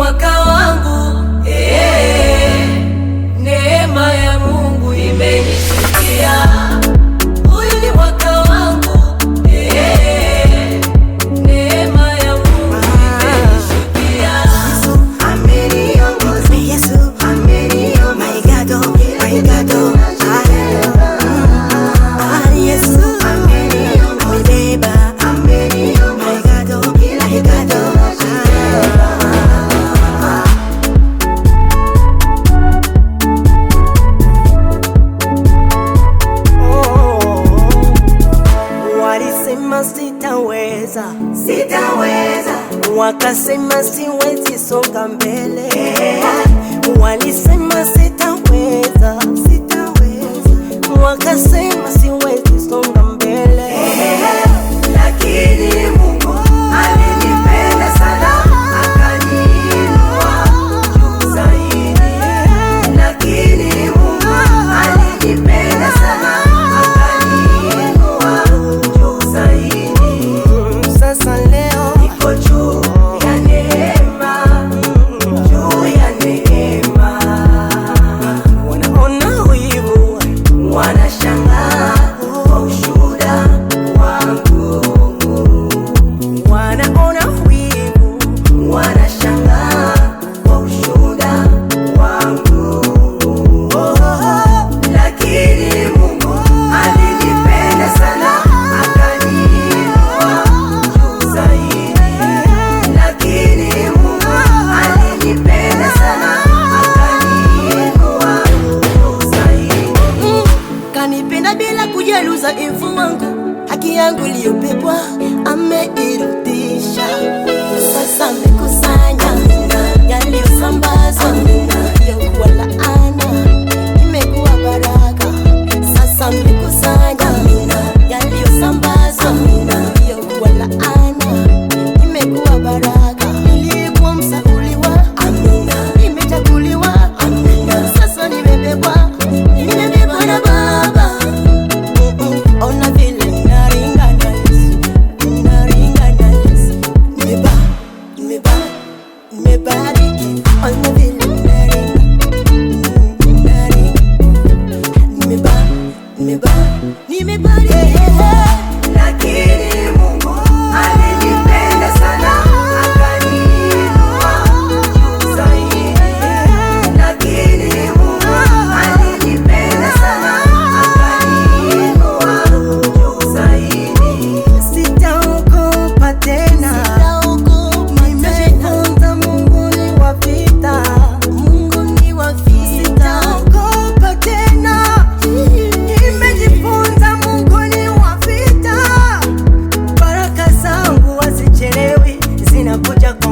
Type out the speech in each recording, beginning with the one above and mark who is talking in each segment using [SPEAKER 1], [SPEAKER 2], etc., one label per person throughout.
[SPEAKER 1] mwaka
[SPEAKER 2] sitaweza,
[SPEAKER 3] sitaweza.
[SPEAKER 2] Wakasema siwezi songa mbele, walisema sitaweza yangu iliyobebwa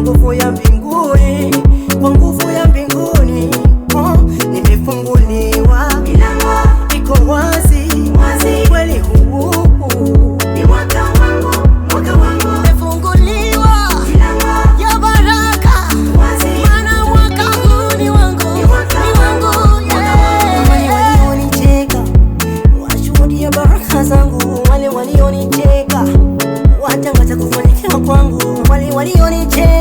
[SPEAKER 2] nguvu ya mbinguni, kwa nguvu ya mbinguni oh, nimefunguliwa
[SPEAKER 3] milango
[SPEAKER 2] iko wazi, wazi kweli huu yeah. walionicheka washuhudia baraka zangu, watangaza kufanikiwa kwangu, wale walionicheka